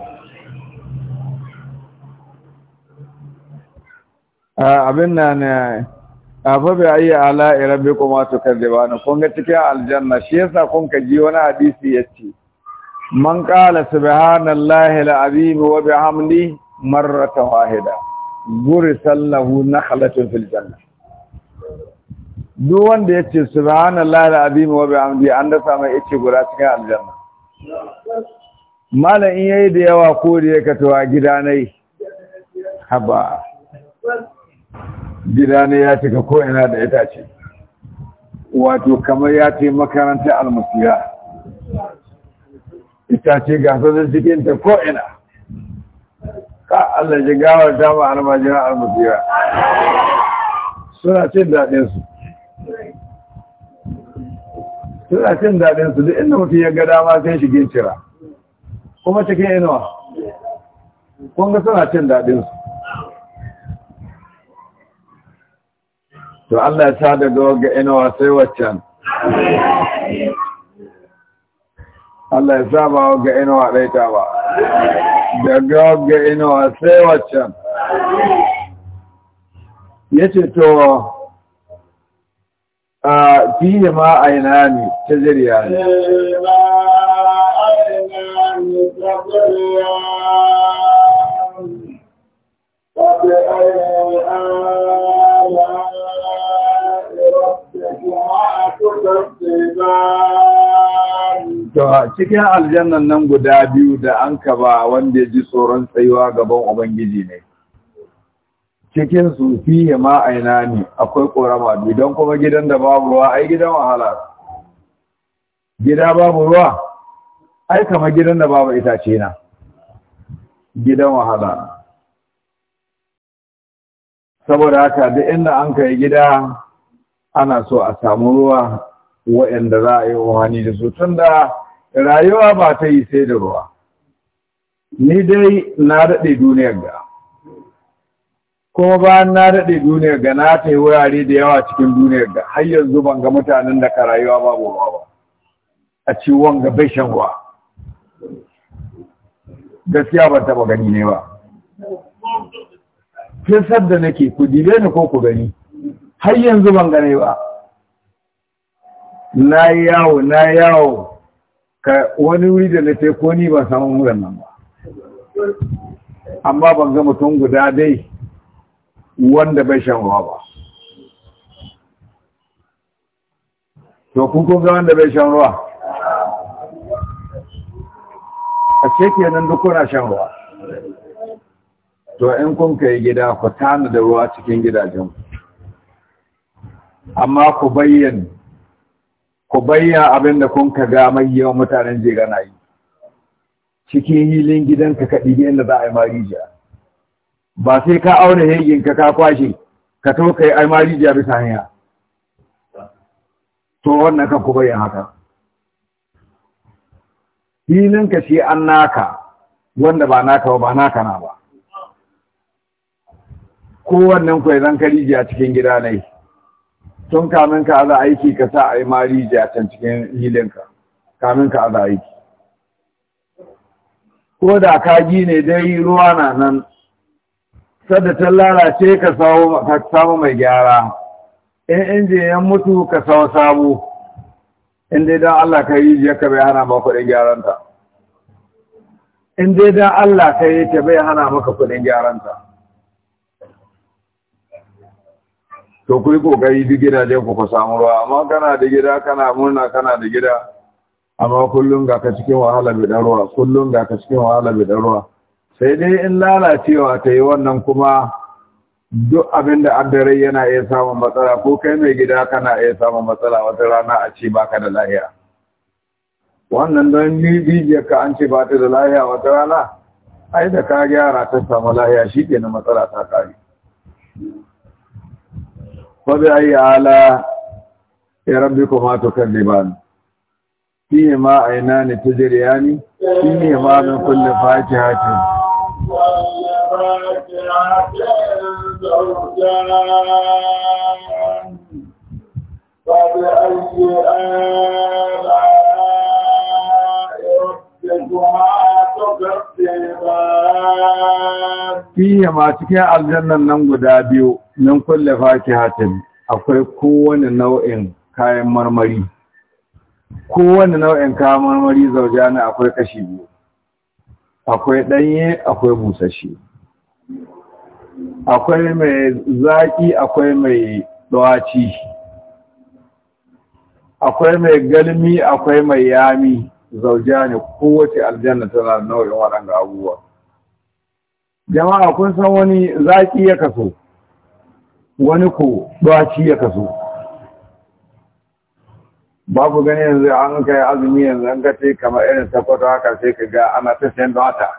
abin nan eh, afa bi ayi ala rabbikuma tukadzibana kun ga cikin aljanna shi yasa kun ka ji wani hadisi yace man qala subhanallahi al-azim wa bihamdi marratan wahida gurisallahu nakhlatun fil janna duk wanda yace da abin wa amdi an da samu yace guda
cikin aljanna
malam in yayi da yawa ko da yake tawa gida nai haba gida ya cika ko ina da itace wato kamar ya ce makaranta almusiya itace ga sanin cikin ta ko ina ka Allah ji gawar dama almajira almusiya suna cin su. suna cin daɗin su duk inda mutum ya ga dama sai shige cira kuma cikin inuwa kun suna cin daɗin su to Allah ya sa daga waga inuwa sai waccan Allah ya sa ba waga inuwa ta ba daga waga inuwa sai waccan ya ce to a fiye ma aina ne ta jiriya ne cikin aljannan nan guda biyu da an ba wanda ya ji tsoron tsayuwa gaban Ubangiji ne. cikin su fiye ma aina ne akwai korama don kuma gidan da babu ruwa ai gidan wahala gida babu ruwa ai kama gidan da babu itace na gidan wahala saboda haka da inda an kai gida ana so a samu ruwa waɗanda za a yi wani da su tun da rayuwa ba ta yi sai da ruwa ni dai na daɗe duniyar ga kuma bayan na daɗe duniyar ga na ta yi wurare da yawa cikin duniyar ga har yanzu ban ga mutanen da ka rayuwa ba ruwa ba a ciwon ga bai shan ruwa gaskiya ban taɓa gani ne ba fesar da nake ku dile ni ko ku gani har yanzu ban gane ba na yi yawo na yi yawo ka wani wuri da na ko ni ba samun wurin nan ba amma ban ga mutum guda dai wanda bai shan ruwa ba to kun kun ga wanda bai shan ruwa a ce kenan duk kuna shan ruwa to in kun kai gida ku tana da ruwa cikin gidajen amma ku bayyana ku bayyana abin da kun ka ga mai yawan mutanen je gana yi cikin hilin gidanka kaɗi ɗibi za a yi marijiya ba sai ka auna yayin ka ka kwashe ka to kai mari jiya bisa hanya to wannan ka kuma yin haka filin ka shi an naka wanda ba naka ba naka na ba kowannen ku zan ka rijiya cikin gida ne tun kamin ka aza aiki ka sa ai yi ma rijiya can cikin hilinka kamin ka aza aiki ko da ka ne dai ruwa na nan sadda ta lalace ka samu mai gyara in injin ya mutu ka samu sabo in dai don Allah ka yi jiya ka bai hana ma kuɗin gyaranta in dai don Allah ka yi ta bai hana maka kuɗin gyaranta to ku yi ƙoƙari duk gidajen ku ku samu ruwa amma kana da gida kana murna kana da gida amma kullum ga ka cikin wahala bai ɗan ruwa kullum ga ka cikin wahala bai ɗan ruwa sai dai in lalacewa ta yi wannan kuma duk abin da abdarai yana iya samun matsala ko kai mai gida kana iya samun matsala wata rana a ce baka da lahiya wannan don rijiyar ka an ce ba ta da lahiya wata rana ai da ka gyara ta samu lahiya shi ke na matsala ta kare Kwabi ayi ala ya rabbi kuma to kan liban. Fiye ma aina ne ta jirya ne, ma min kulle fatihatin.
والفاكهة
ma cikin aljannan nan guda biyu nan kulle faki hatin akwai kowane nau'in kayan marmari kowane nau'in kayan marmari zaujana akwai kashi biyu akwai ɗanye akwai busasshe akwai mai zaƙi akwai mai ɗawaci akwai mai galmi akwai mai yami zauja ne kowace aljanna tana nau'in waɗanda abubuwa jama'a kun san wani zaƙi ya kaso wani ko ɗawaci ya kaso babu gani yanzu an kai azumi yanzu an gace kamar irin sakwato haka sai ka ga ana ta sayan data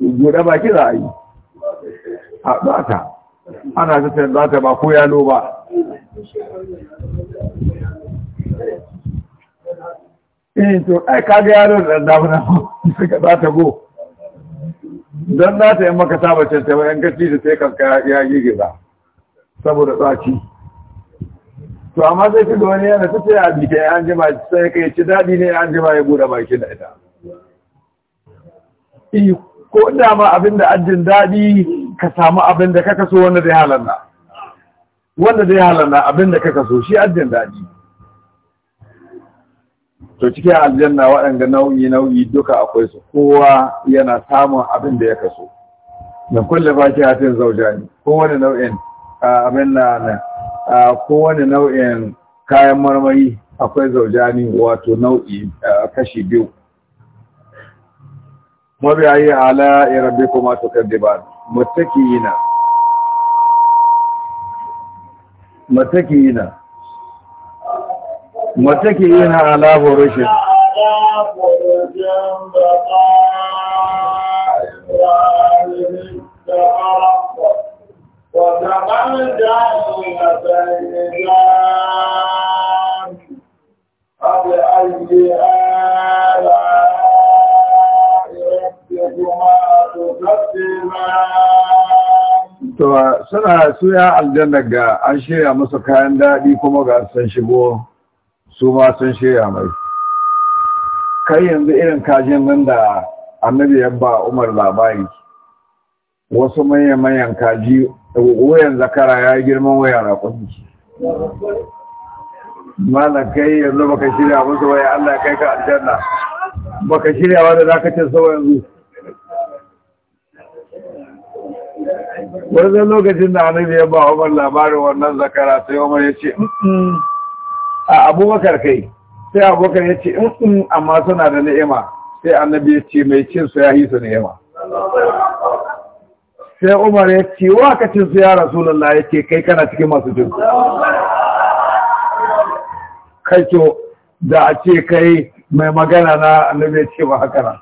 guda ki za a yi a data ana ta sayan data ba ko yalo ba eh to ai ka ga yalo da damuna suka data go don ta in maka saba cancan yan gaci da sai kanka ya yi gida. saboda tsaki to amma sai fi ga wani yana ta tsaye a ta an jima sai kai ci daɗi ne an jima ya bude bakin da ita ko da ma abin da ajin daɗi ka samu abin da kaka so wanda zai halanna wanda zai halanna abin da kaka so shi ajin daɗi. to a aljanna waɗanda nau'i nau'i duka akwai su kowa yana samun abin da ya kaso da kulle hatin zaujani kowane nau'in abin na nan kowane nau'in kayan marmari akwai zaujani wato nau'i kashi biyu mabiyayi ala irabbi kuma tukaddiban muttaqina muttaqina muttaqina ala furushin
ala To suna
suya aljanna ga an shirya masa kayan daɗi kuma ga sun shigo su ma sun shirya mai. Kai yanzu irin kajin nan da annabi ya ba Umar labari. wasu manya-manyan kaji wuyan zakara ya yi girman na kwanci malakai yanzu baka shirya musu waya allah kai ka aljanna baka shirya wanda za ka cin sau yanzu wanda lokacin da annabi ya ba umar labarin wannan zakara sai umar ya ce a abubakar kai sai abubakar ya ce amma suna da ni'ima sai annabi ya ce mai cin su ya hisa ni'ima sai umar ya ce wa ka cin su ya rasulallah ya ce kai kana cikin masu jin su kai to da a ce kai mai magana na annabi ce ba haka na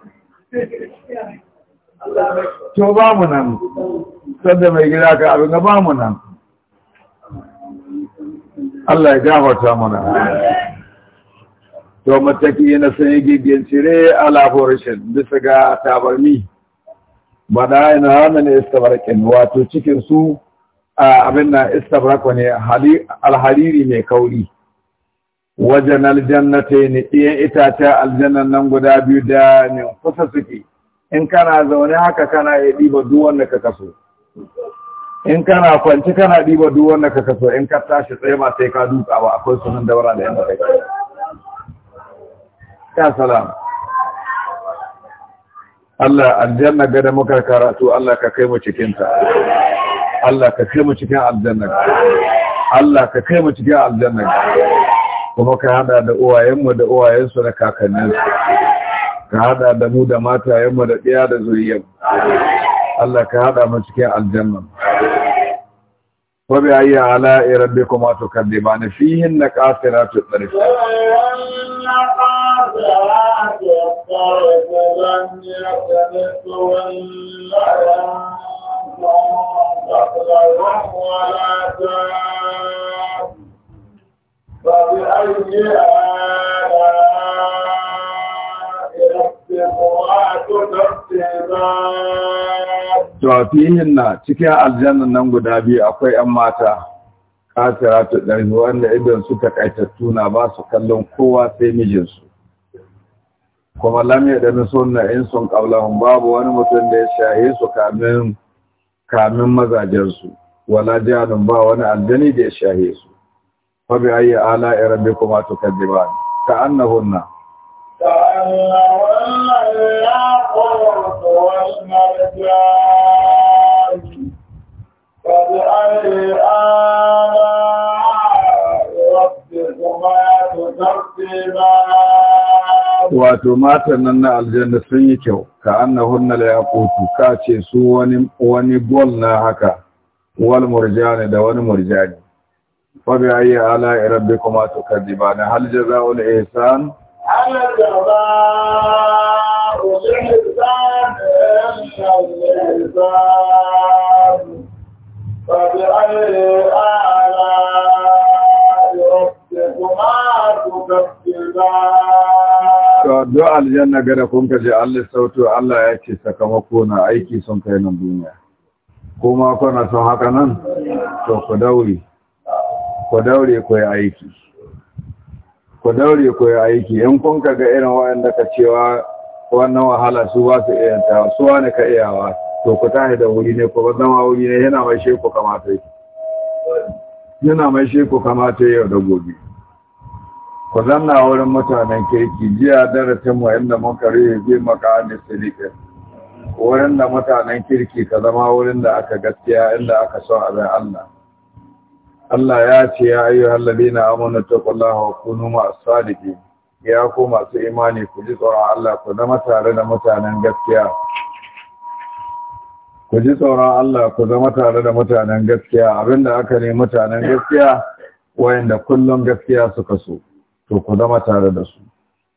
to ba mu nan sanda mai gida ka abin ga ba mu nan Allah ya gafarta mana to mataki na sanye gigiyan cire alaforishin bisa ga tabarmi bada yana ne istabarakin wato cikin su abin na istabarakwa ne alhariri mai kauri wajen aljannata ne iya itace aljannan nan guda biyu da ne kusa suke in kana zaune haka kana iya ɗiba duwan da ka kaso in kana kwanci kana ɗiba duwan da ka kaso in ka tashi tsaye masu sai ka duka ba akwai sunan dabara da yanda kai ya salam Allah aljanna ga da muka karatu Allah ka kai mu cikin ta Allah ka kai mu cikin aljanna Allah ka kai mu cikin aljanna kuma ka hada da uwayenmu da uwayensu da kakanninsu ka hada da mu da matayenmu da ɗaya da zuriyar Allah ka hada mu cikin aljanna wa bi ayyi ala'i rabbikuma tukaddiban fihin naqasiratu tsarif Tafihin na cikin aljannan nan guda biyu akwai ‘yan mata, ƙasirata ɗari wanda idan suka ƙaitattu na ba su kallon kowa sai mijinsu. kuma lam ya dani sunna in sun qablahum babu wani mutum da ya shaye su kamin kamin mazajensu wala jahannam ba wani aljani da ya shaye su fa bi ayi ala rabbikuma tukadziban ka annahunna
ka annahunna la qawtu wal marjan fa bi ayyi ala rabbikuma tukadziban
wato matan nan na aljanna sun yi kyau ka annahunna la yaqutu ka ce su wani wani gol na haka wal murjani da wani murjani fa bi ayi ala rabbikuma na hal jazaa'ul ihsan
hal jazaa'ul ihsan illa al-ihsan fa bi ayi ala rabbikuma tukadiban
cewa do aljanna gada kun kaje je Allah sautu Allah ya ce sakamako na aiki sun kai nan duniya kuma kuna son haka nan to ku daure ku daure ku yi aiki ku daure ku yi aiki in kun ka ga irin da ka cewa wannan wahala su ba su iya tawa, su wani ka iyawa to ku tahi da wuri ne ku ba zama wuri ne yana mai sheku kamata yana mai sheku kamata yau da gobe ku zanna wurin mutanen kirki jiya darasin mu inda muka rage bi maqamis sadiqin wurin da mutanen kirki ka zama wurin da aka gaskiya inda aka so abin Allah Allah ya ce ya ayyuhal ladina ta taqullaha wa kunu masu sadiki ya ku masu imani ku ji tsoron Allah ku zama tare da mutanen gaskiya ku ji tsoron Allah ku zama tare da mutanen gaskiya abinda aka ne mutanen gaskiya wayanda kullum gaskiya suka so to ku zama tare da su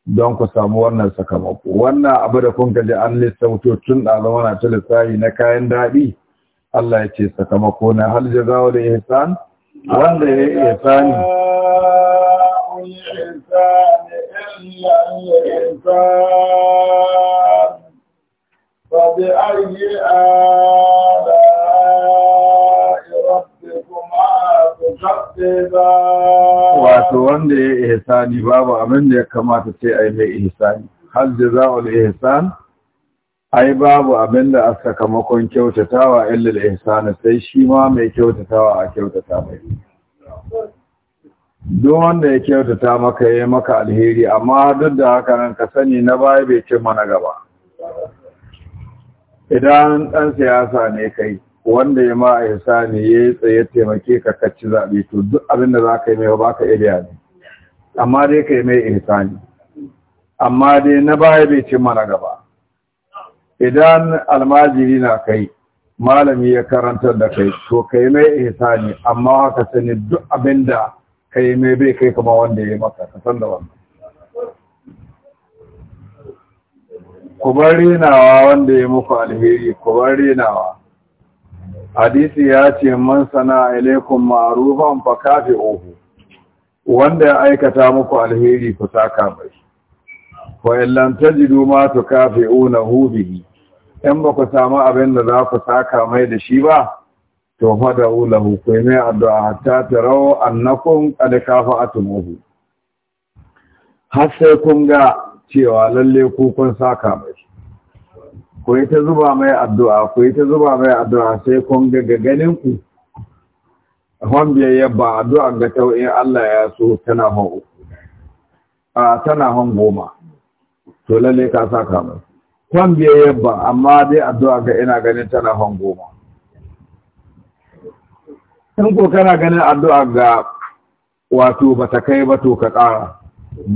don ku samu wannan sakamako wannan abu da kun gaji an lissauto tun ɗazu na ta lissafi na kayan daɗi Allah ya ce sakamako na hal jazawa da ihsan wanda ya yi ihsani
فبأي wato
wanda ya yi ihsani babu abin da ya kamata sai yi mai ihsani hal yi ihsan ai babu abin da aka kamakon kyautatawa illal ihsan sai shi ma mai kyautatawa a kyautata mai duk wanda ya kyautata maka ya maka alheri amma duk da haka nan ka sani na baya bai cimma na gaba idan ɗan siyasa ne kai wanda ya ma ya ne ya yi tsaye taimake ka kacci zaɓe to duk abin da za ka yi mai ba ka ne amma dai ka yi mai ne, amma dai na baya bai ce mana gaba idan almajiri na kai malami ya karanta da kai to ka yi mai ne, amma haka sani duk abin da ka yi mai bai kai kuma wanda ya yi maka ka san da wannan ku bar renawa wanda ya muku alheri ku bar renawa hadisi ya ce man sana ilaikum ma'rufan fa kafi'uhu wanda ya aikata muku alheri ku saka mai wa duma tajidu ma tukafi'unahu bihi in ba ku samu abin da za ku saka mai da shi ba to fa da ulahu ku mai addu'a hatta tarau annakum qad kafa'atumuhu har sai kun ga cewa lalle ku kun saka mai ku yi ta zuba mai addu'a ku yi ta zuba mai addu'a sai kun ga ganin ku hon biyayya ba addu'a ga tau'in Allah ya so tana hon uku a tana hon goma to lalle ka sa kama hon biyayya ba amma dai addu'a ga ina ganin tana hon goma in ko kana ganin addu'a ga wato ba ta kai ba to ka ƙara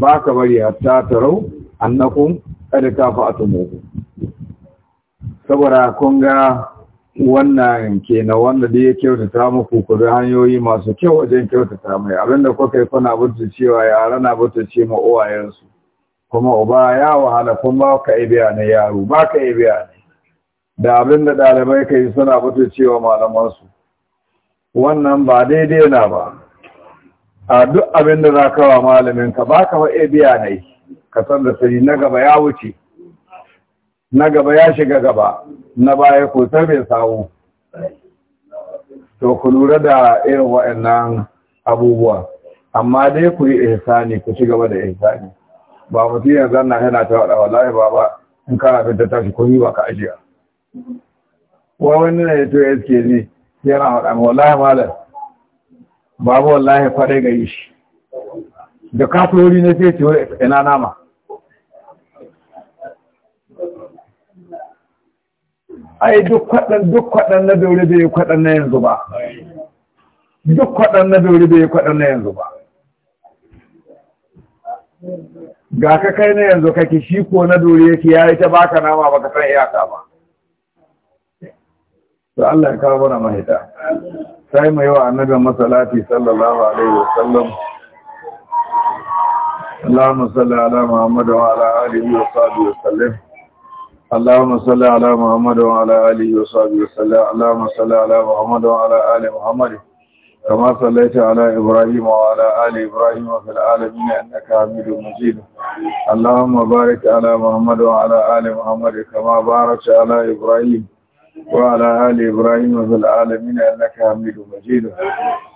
ba ka bari hatta tarau annakum kada ka fa'atu muku saboda kun ga wannan ke na wanda da ya kyautata muku ku hanyoyi masu kyau wajen kyautata mai abinda kuka yi kuna butu cewa yara na butu ce ma kuma uba ya wahala kun ba ka yi biya yaro ba ka yi ne da abinda ɗalibai ka yi suna butu cewa malamansu wannan ba daidai na ba a duk abinda za ka wa malamin ka ba ka wa biya ne ka san da sani na gaba ya wuce na gaba ya shiga gaba na baya ko bai sawo to ku lura da irin wa'annan abubuwa amma dai ku yi ihsani ku ci gaba da ihsani ba mutum yanzu na yana ta wada wallahi ba ba in abin ta tashi ko yi ba ka ajiya wa wani ne to ya ce ni yana wada wallahi malam babu wallahi fare ga yi shi da kafurori na sai ce ina nama ai duk kwaɗan duk kwaɗan na daure bai kwaɗan na yanzu ba duk kwaɗan na daure bai kwaɗan na yanzu ba ga ka kai na yanzu kake shi ko na daure yake yayi ta baka nama ba ka san iyaka ba to Allah ya kawo mana mahita sai mai wa annabi masallati sallallahu alaihi wasallam Muhammad wa ala alihi wa sahbihi wa sallam. اللهم صل على محمد وعلى آله وصحبه وسلم اللهم صل على محمد وعلى آل محمد كما صليت على إبراهيم وعلى آل إبراهيم في العالمين أنك حميد مجيد اللهم بارك على محمد وعلى آل محمد كما باركت على إبراهيم وعلى آل إبراهيم في العالمين أنك حميد مجيد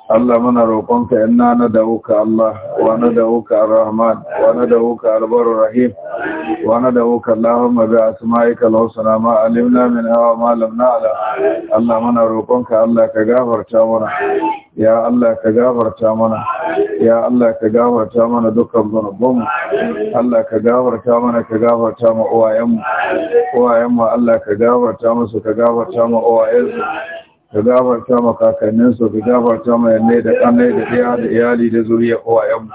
Allah muna roƙonka in na na da'uka Allah wa na da'uka Ar-Rahman wa na da'uka Ar-Barur Rahim wa na da'uka Allahumma bi asma'ika al-husna ma alimna min hawa ma lam na'lam Allah muna roƙonka Allah ka gafarta mana ya Allah ka gafarta mana ya Allah ka gafarta mana dukkan zunubanmu Allah ka gafarta mana ka gafarta mu uwayenmu uwayenmu Allah ka gafarta musu ka gafarta ma uwayensu ka gafarta ma kakanninsu ka gafarta ma yannai da kannai da ɗaya da iyali da zuriya uwayenmu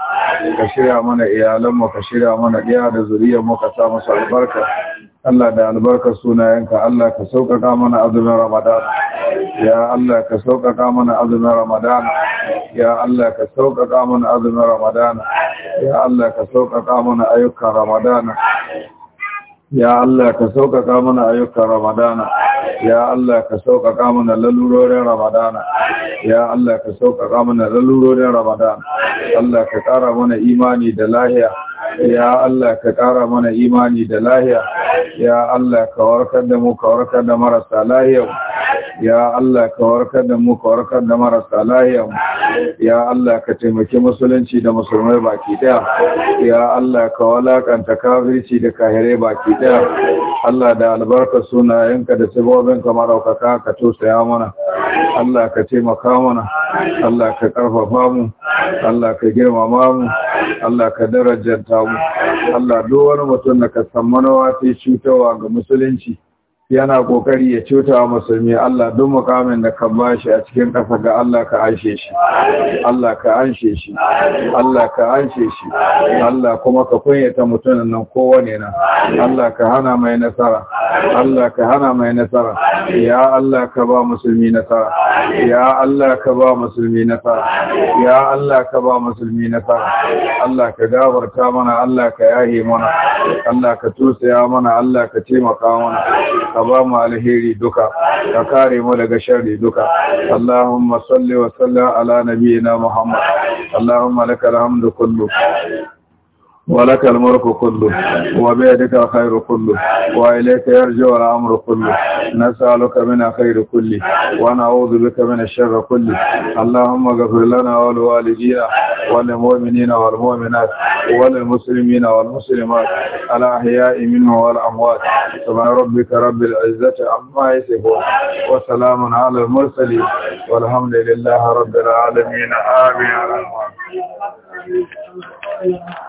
ka shirya mana iyalanmu ka shirya mana ɗaya da mu ka sa musu albarka Allah da albarkar sunayenka Allah ka sauƙaƙa mana azumin Ramadan ya Allah ka sauƙaƙa mana azumin Ramadan ya Allah ka sauƙaƙa mana azumin Ramadan ya Allah ka sauƙaƙa mana ayyukan Ramadan ya Allah ka sauƙaƙa mana ayyukan ramadana ya Allah ka sauƙaƙa mana lalurorin ramadana ya Allah ka sauƙaƙa mana lalurorin ramadana Allah ka ƙara mana imani da lahiya ya Allah ka ƙara mana imani da lahiya ya Allah ka warkar da mu ka warkar da marasa lahiya ya Allah ka warkar da mu ka warkar da marasa lahiya mu ya Allah ka taimaki musulunci da musulmai baki daya ya Allah ka walakanta kafirci da kahirai baki daya Allah da albarka sunayenka da sabobinka maraukaka ka tausaya mana Allah ka taimaka mana Allah ka karfafa mu Allah ka girmama mu Allah ka darajanta mu Allah duk wani mutum da ka san manawa ta ga musulunci yana kokari ya cuta wa musulmi Allah duk mukamin da ka bashi a cikin ƙasa ga Allah ka anshe shi Allah ka anshe shi Allah ka anshe shi Allah kuma ka kunyata mutumin nan kowane nan Allah ka hana mai nasara Allah ka hana mai nasara ya Allah ka ba musulmi nasara ya Allah ka ba musulmi nasara ya Allah ka ba musulmi nasara Allah ka gafarta mana Allah ka yahe mana Allah ka tusaya mana Allah ka taimaka mana ka ba mu alheri duka ka kare mu daga sharri duka Allahumma salli wa sallim ala nabiyyina Muhammad Allahumma lakal hamdu kullu ولك الملك كله وبيدك الخير كله وإليك يرجع الأمر كله نسألك من خير كله ونعوذ بك من الشر كله اللهم اغفر لنا ولوالدينا وللمؤمنين والمؤمنات وللمسلمين والمسلمات الأحياء منهم والأموات سبحان ربك رب العزة عما يصفون وسلام على المرسلين والحمد لله رب العالمين آمين